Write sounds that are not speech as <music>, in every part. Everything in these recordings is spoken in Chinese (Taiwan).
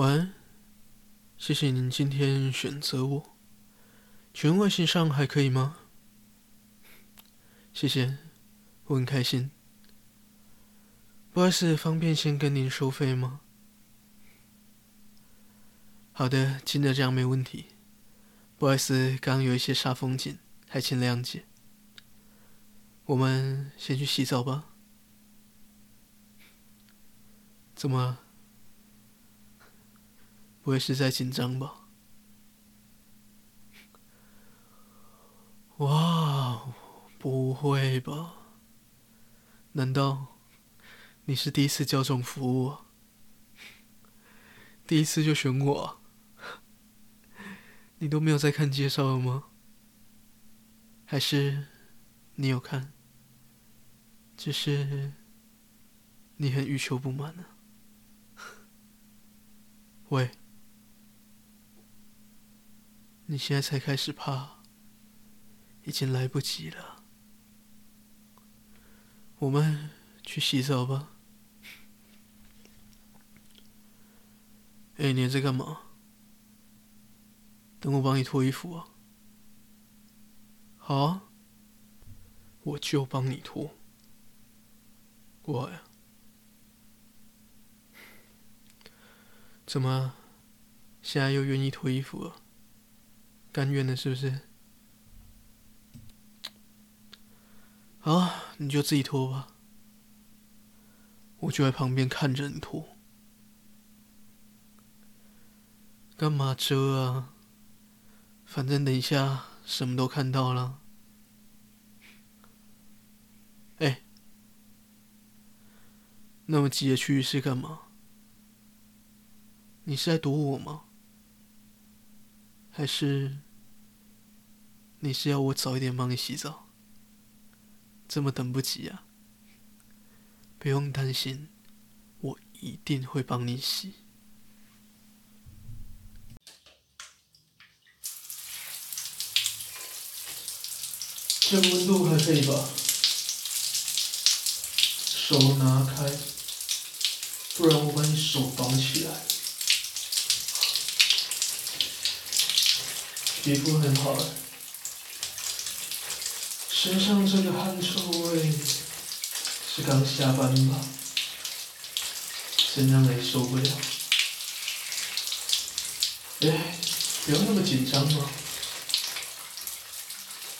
晚安，謝謝您今天選擇我，請問外形上還可以嗎？謝謝，我很開心。不好意思，方便先跟您收費嗎？好的，今天這樣沒問題。不好意思，剛有一些煞風景，還請諒解。我們先去洗澡吧。怎麼？不會是在緊張吧？哇，不會吧？難道你是第一次叫這種服務啊？第一次就選我啊？你都沒有在看介紹了嗎？還是你有看？只是你很欲求不滿呢？喂。你現在才開始怕，已經來不及了。我們去洗澡吧。哎、欸，你還在幹嘛？等我幫你脫衣服啊？好啊，我就幫你脫。過來啊，怎麼現在又願意脫衣服了？甘願的是不是？好，你就自己脫吧，我就在旁邊看着你脫。幹嘛遮啊？反正等一下什麼都看到了。哎、欸，那麼急着去浴室幹嘛？你是在躲我嗎？還是，你是要我早一點幫你洗澡？這麼等不及啊？不用擔心，我一定會幫你洗。這個溫度還可以吧？手拿開，不然我把你手綁起來。皮膚很好哎，身上這個汗臭味是剛下班吧？真讓人受不了。哎，不要那麼緊張嘛，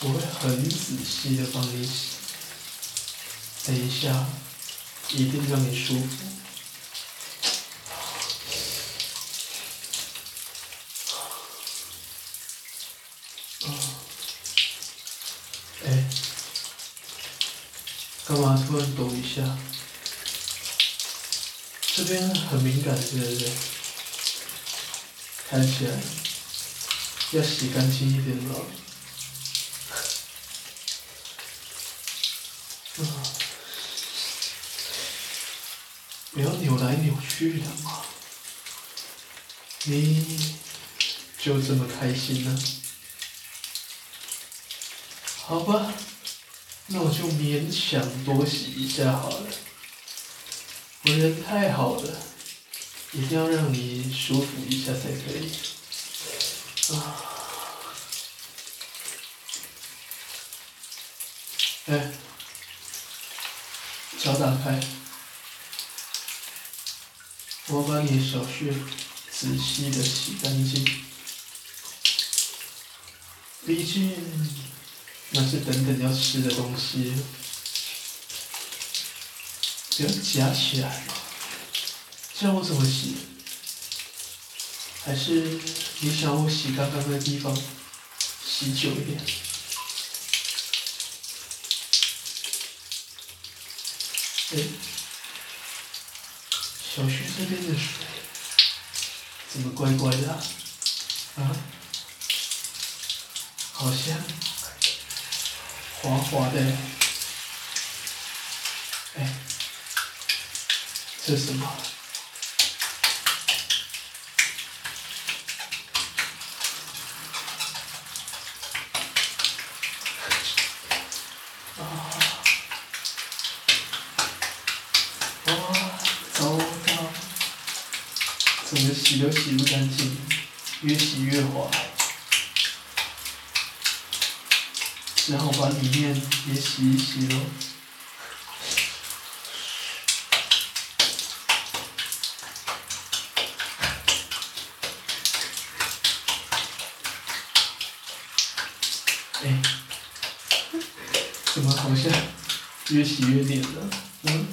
我會很仔細的幫你洗，等一下一定讓你舒服。幹嘛突然抖一下？這邊很敏感，是不是？看起來要洗乾淨一點了。啊！不要扭來扭去的嘛！你就這麼開心呢、啊？好吧。那我就勉強多洗一下好了，我人太好了，一定要讓你舒服一下才可以。啊，來，腳打開，我把你的小穴仔細的洗乾淨，畢竟。那是等等要吃的東西，不要夾起來，這樣我怎麼洗？還是你想我洗剛剛的地方，洗久一點？哎、欸，小區這邊的水怎麼乖乖的啊？啊？好香。滑滑的，哎、欸，這是什麼？啊！哇，糟糕，怎麼洗都洗不乾淨，越洗越滑。然後把裡面也洗一洗嘍、哦。哎，怎麼好像越洗越黏呢？嗯。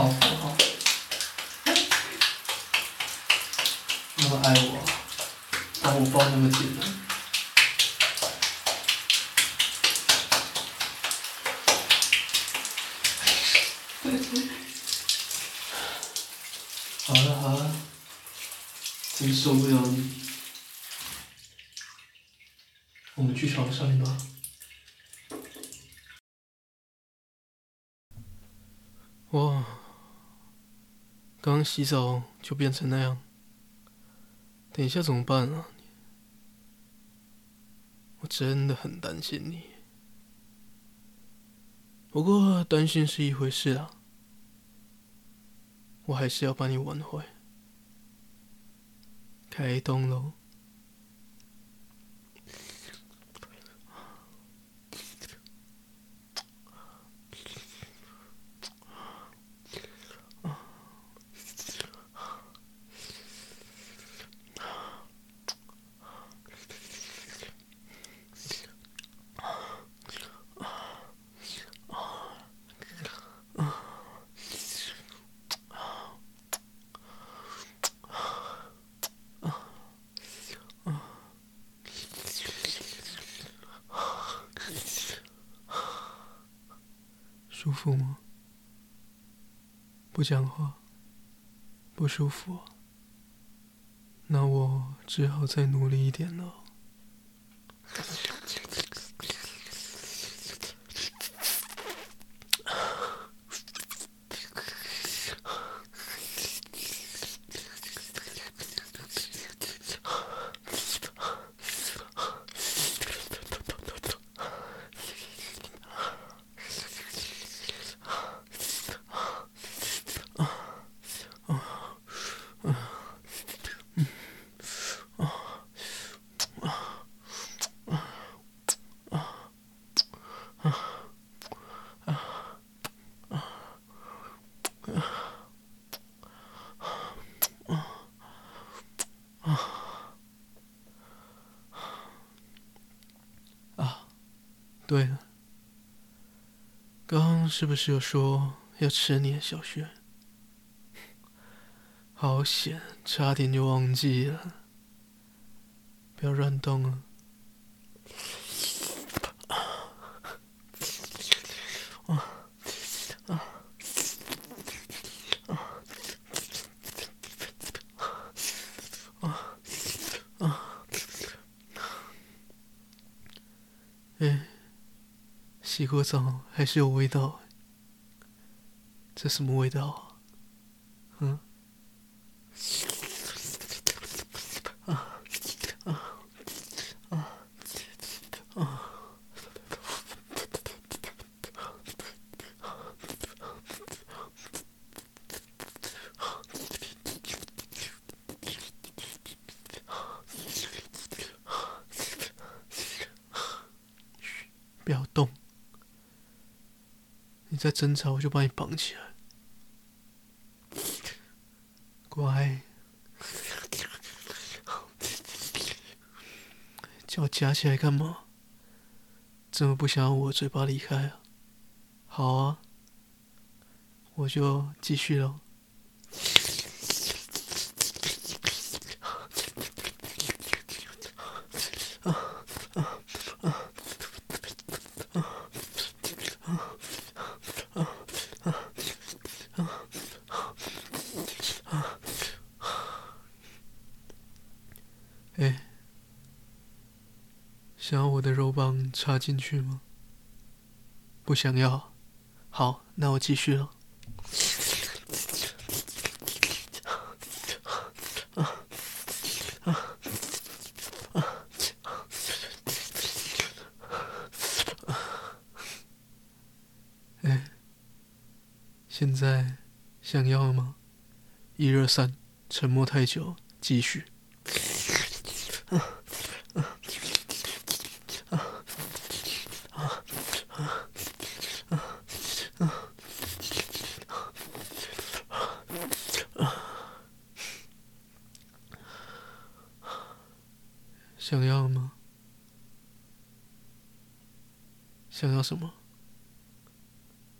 好，好，好，那麼愛我，把我抱那麼緊好了，好了，真、這個、受不了你，我們去床上吧。剛洗澡就變成那樣，等一下怎麼辦啊？我真的很擔心你。不過擔心是一回事啊，我還是要把你挽回。開動嘍。不講話，不舒服？那我只好再努力一點了。 <laughs> 是不是有說要吃你，小雪？好險，差點就忘記了。不要亂動啊！啊啊啊啊啊啊，啊，啊，啊，啊，啊！哎，洗過澡還是有味道。這什麼味道啊，嗯、 <laughs> 啊？嗯、啊啊啊， <laughs> 噓，不要動，你再掙扎，我就把你綁起來。夾起來幹嘛？這麼不想我嘴巴離開啊？好啊，我就繼續嘍。幫插進去嗎？不想要。好，那我繼續了。哎，現在想要了嗎？一二三，沉默太久，繼續。想要什麼？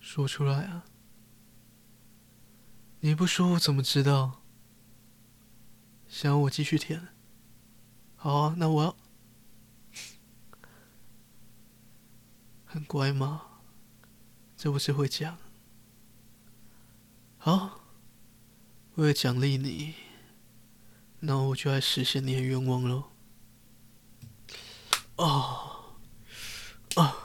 說出來啊！你不說我怎麼知道？想要我繼續舔？好啊，那我要很乖嗎？這不是會講？好，為了獎勵你，那我就來實現你的願望嘍！啊、哦、啊！哦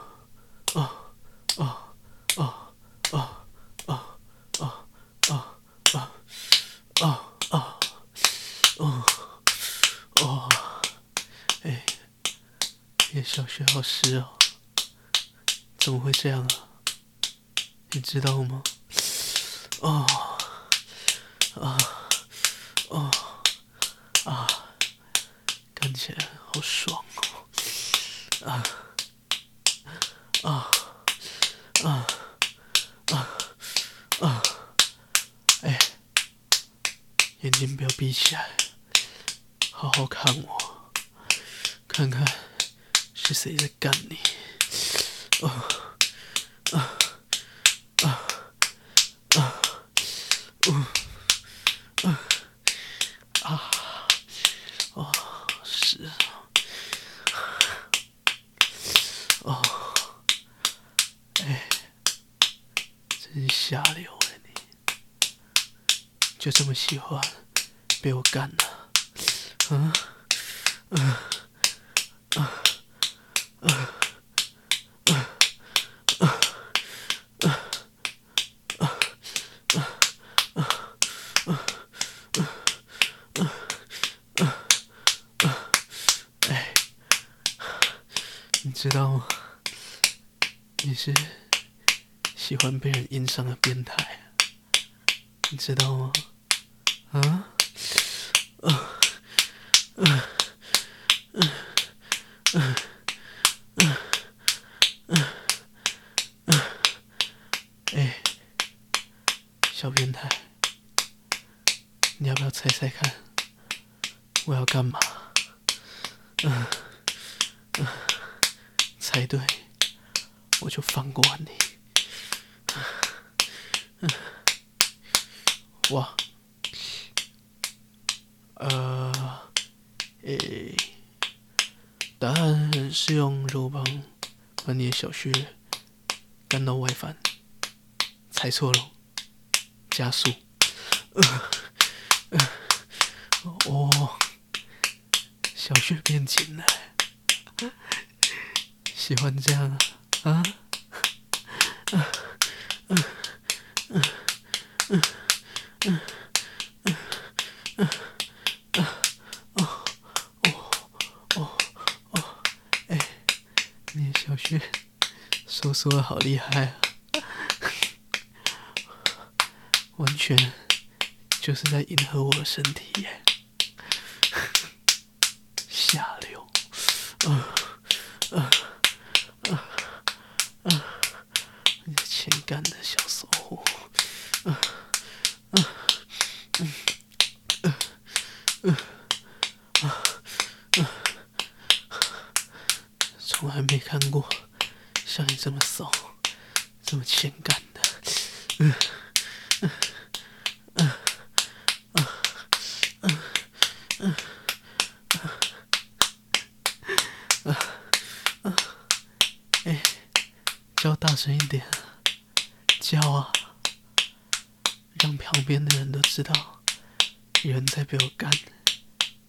啊，怎麼會這樣啊？你知道嗎？哦，啊，哦，啊，看起來好爽哦！啊，啊，啊，啊，啊，哎、啊啊欸，眼睛不要閉起來，好好看我，看看。是誰在幹你？啊啊啊啊！哦，是哦，哦，哎，真下流啊你！就這麼喜歡被我幹呢？嗯嗯啊。Uh, uh, uh. 你知道嗎？你是喜歡被人陰傷的變態，你知道嗎？啊？哎、啊啊啊啊啊啊欸，小變態，你要不要猜猜看？我要幹嘛？嗯、啊。啊猜對，我就放過你。哇，呃，誒、欸，答案是用肉棒把你的小穴幹到外翻。猜錯了，加速。呃呃、哦，小穴變緊了。喜歡這樣啊！啊！啊！啊！啊！啊！啊！啊！哦哦哦哦！哎、哦哦哦，你的小穴收縮的好厲害啊！ <laughs> 完全就是在迎合我的身體耶 <laughs> 下流！啊啊！先幹的 <laughs> 誒，嗯嗯嗯嗯嗯嗯嗯嗯嗯嗯，哎、哦，叫大聲一點，點，叫、啊，讓旁邊的人都知道，人在給我幹，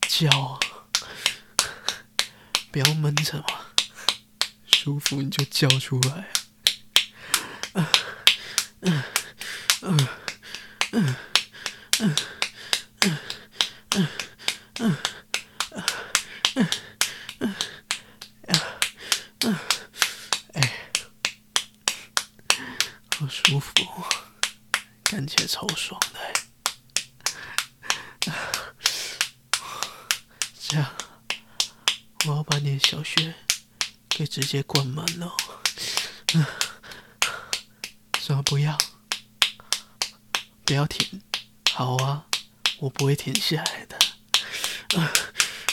叫、啊， <laughs> 不要悶着嘛，舒服你就叫出來、啊。超爽的，哎啊，這樣我要把你的小穴給直接灌滿了。什、啊、麼不要？不要停？好啊，我不會停下來的。啊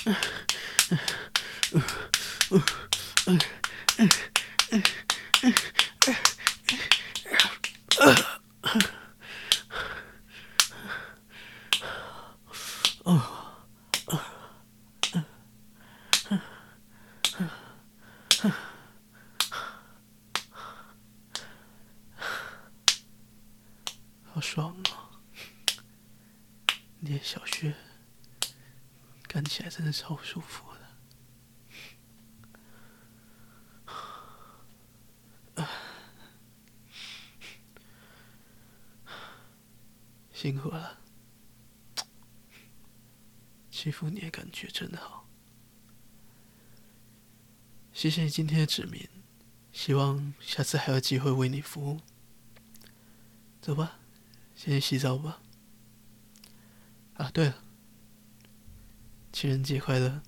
啊呃呃呃呃辛苦了，欺負你的感覺真好。謝謝你今天的指名，希望下次還有機會為你服務。走吧，先去洗澡吧。啊，對了，情人節快樂。